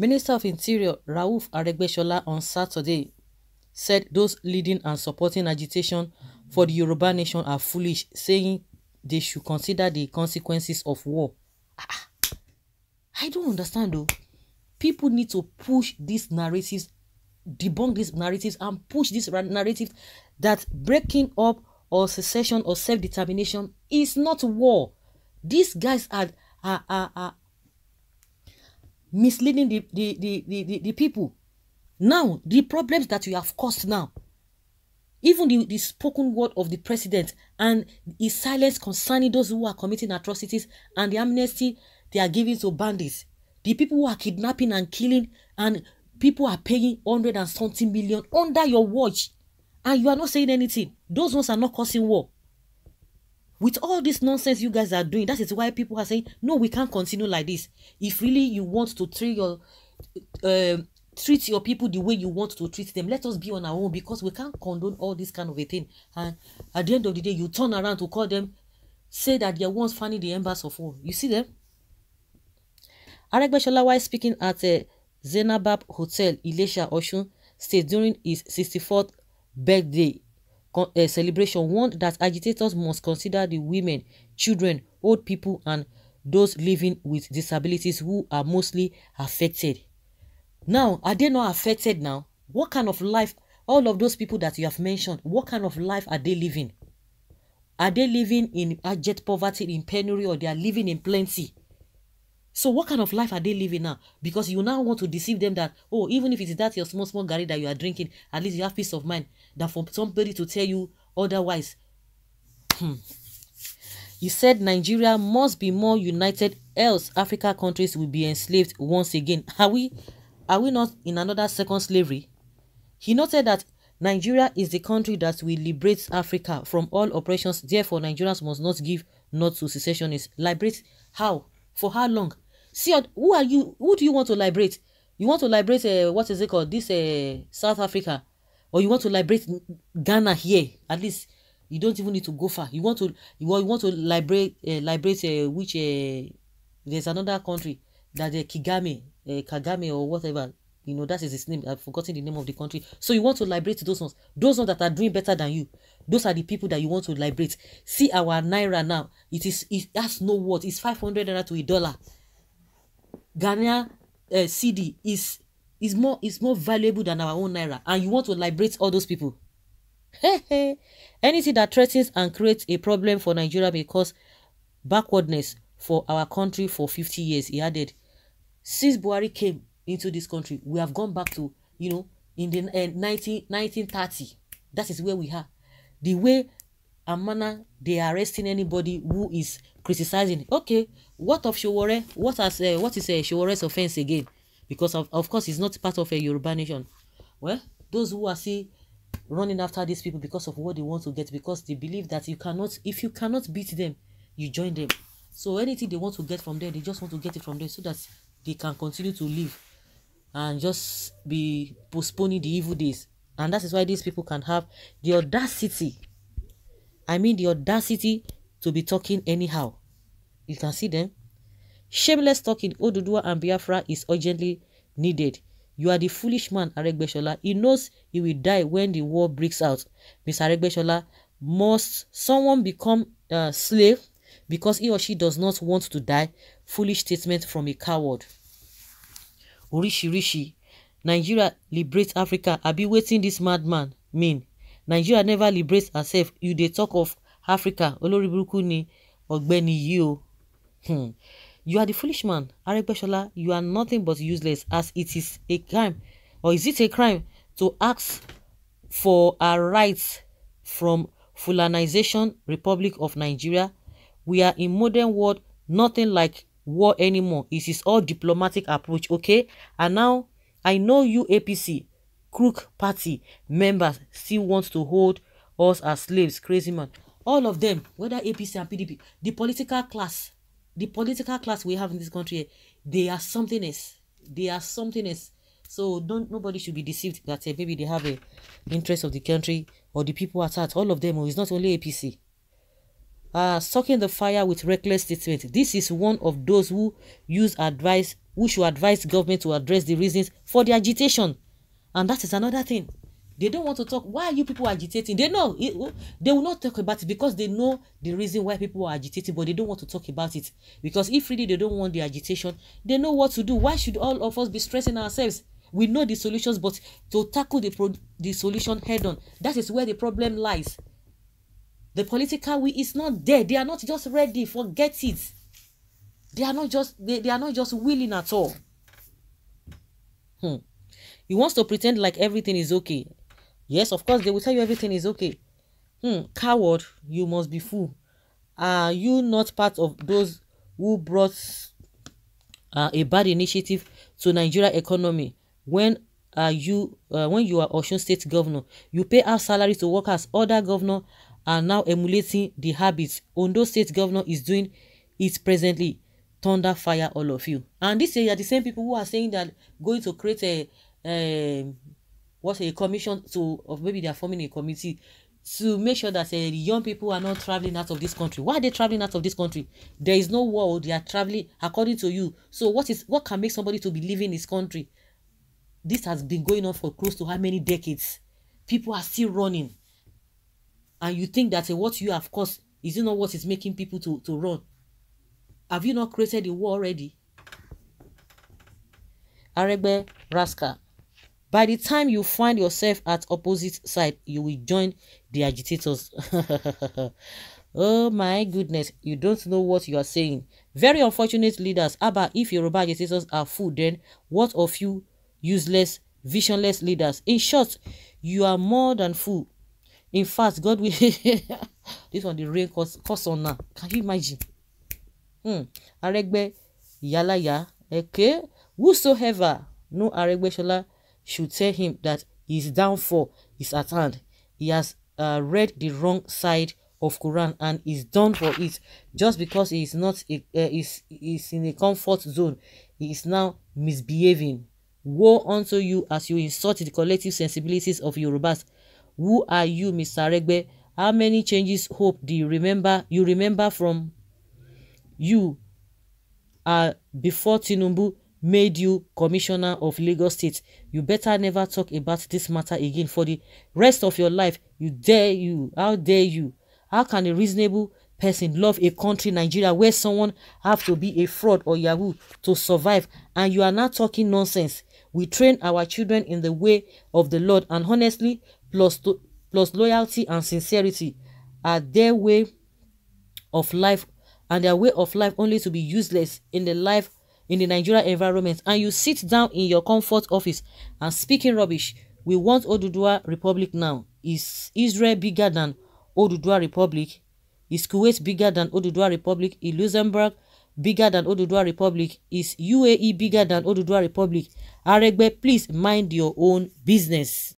Minister of Interior Rauf Aregbesola on Saturday said those leading and supporting agitation for the Yoruba nation are foolish, saying they should consider the consequences of war. Ah, ah. I don't understand though. People need to push these narratives, debunk these narratives, and push these narratives that breaking up or secession or self-determination is not war. These guys are, are, are, are misleading the, the, the, the, the, the people. Now, the problems that you have caused now, even the, the spoken word of the president and his silence concerning those who are committing atrocities and the amnesty they are giving to bandits, the people who are kidnapping and killing and people are paying hundred and something million under your watch and you are not saying anything those ones are not causing war with all this nonsense you guys are doing that is why people are saying no we can't continue like this if really you want to treat your uh, treat your people the way you want to treat them let us be on our own because we can't condone all this kind of a thing and at the end of the day you turn around to call them say that they're once fanning the embers of war you see them Aregbesola while speaking at a uh, Zenabab Hotel Ilesha Osun State during his 64th birthday uh, celebration warned that agitators must consider the women, children, old people, and those living with disabilities who are mostly affected. Now, are they not affected now? What kind of life, all of those people that you have mentioned, what kind of life are they living? Are they living in abject poverty, in penury, or they are living in plenty? So what kind of life are they living now? Because you now want to deceive them that, oh, even if it is that your small, small gari that you are drinking, at least you have peace of mind. That for somebody to tell you otherwise. He hmm. said Nigeria must be more united, else Africa countries will be enslaved once again. Are we, are we not in another second slavery? He noted that Nigeria is the country that will liberate Africa from all oppressions. Therefore, Nigerians must not give not to secessionists. Liberate how? For how long? see who are you who do you want to liberate you want to liberate uh, what is it called this uh, south africa or you want to liberate ghana here at least you don't even need to go far you want to you want, you want to liberate uh, liberate uh, which uh, there's another country that uh, kigame uh, kagame or whatever you know that is his name i've forgotten the name of the country so you want to liberate those ones those ones that are doing better than you those are the people that you want to liberate see our naira now it is it has no worth it's 500 naira to a dollar Ghana uh, eh, CD is is more is more valuable than our own naira, and you want to liberate all those people. Anything that threatens and creates a problem for Nigeria may cause backwardness for our country for 50 years, he added. Since Buhari came into this country, we have gone back to, you know, in the uh, 19, 1930. That is where we are. The way a manner they are arresting anybody who is criticizing. Okay, what of Showore? What has uh, what is uh, Showore's offense again? Because of, of course it's not part of a Yoruba nation. Well, those who are see running after these people because of what they want to get, because they believe that you cannot if you cannot beat them, you join them. So anything they want to get from there, they just want to get it from there so that they can continue to live and just be postponing the evil days. And that is why these people can have the audacity I mean the audacity to be talking anyhow. You can see them. Shameless talking. in Odudua and Biafra is urgently needed. You are the foolish man, Aregbeshola. He knows he will die when the war breaks out. Mr. Aregbeshola, must someone become a uh, slave because he or she does not want to die? Foolish statement from a coward. Orishirishi, Nigeria liberates Africa. I will be waiting this madman mean nigeria never liberate herself you dey talk of africa oloriburuku ni ọ̀gbẹ́ni yìí o hmm. you are the foolish man aregbesola you are nothing but useless as it is a crime or is it a crime to ask for our rights from fulanization republic of nigeria we are in modern world nothing like war anymore it is all diplomatic approach okay and now i know you apc crook party members still want to hold us as slaves, crazy man. All of them, whether APC and PDP, the political class, the political class we have in this country, they are something else. They are something else. So don't nobody should be deceived that uh, maybe they have a interest of the country or the people at heart. All of them, oh, it's not only APC. Uh, sucking the fire with reckless statement. This is one of those who use advice, who should advise government to address the reasons for the agitation. and that is another thing they don't want to talk why are you people agitating they know it, oh, they will not talk about it because they know the reason why people are agitating but they don't want to talk about it because if really they don't want the agitation they know what to do why should all of us be stressing ourselves we know the solutions but to tackle the pro the solution head on that is where the problem lies the political we is not there they are not just ready forget it they are not just they, they are not just willing at all hmm. He wants to pretend like everything is okay. Yes, of course, they will tell you everything is okay. Hmm, coward, you must be fool. Are you not part of those who brought uh, a bad initiative to Nigeria economy when are you uh, when you are Osun State governor, you pay out salary to workers. Other governor are now emulating the habits. Ondo State governor is doing it presently. Thunder fire all of you. And this year, are the same people who are saying that going to create a um, what's a commission to of maybe they are forming a committee to make sure that uh, young people are not traveling out of this country why are they traveling out of this country there is no war. Oh, they are traveling according to you so what is what can make somebody to be leaving this country this has been going on for close to how many decades people are still running and you think that uh, what you have caused is it not what is making people to to run have you not created a war already Aregbe Rascal By the time you find yourself at opposite side, you will join the agitators. oh my goodness, you don't know what you are saying. Very unfortunate leaders. Abba, if Yoruba agitators are full, then what of you useless, visionless leaders? In short, you are more than full. In fact, God will... this one, the rain cause, cause on now. Can you imagine? Hmm. Aregbe, Yalaya, okay? Whosoever, no Aregbe Shola, should tell him that his downfall is at hand. He has uh, read the wrong side of Quran and is done for it just because he is not a, uh, is is in a comfort zone. He is now misbehaving. Woe unto you as you insult the collective sensibilities of Yorubas. Who are you, Mr. Regbe? How many changes hope do you remember? You remember from you are uh, before Tinubu made you commissioner of Lagos State. You better never talk about this matter again for the rest of your life. You dare you. How dare you? How can a reasonable person love a country, Nigeria, where someone have to be a fraud or yahoo to survive? And you are not talking nonsense. We train our children in the way of the Lord and honestly, plus, plus loyalty and sincerity are their way of life and their way of life only to be useless in the life in the Nigeria environment and you sit down in your comfort office and speaking rubbish. We want Odudua Republic now. Is Israel bigger than Odudua Republic? Is Kuwait bigger than Odudua Republic? Is Luxembourg bigger than Odudua Republic? Is UAE bigger than Odudua Republic? Aregbe, please mind your own business.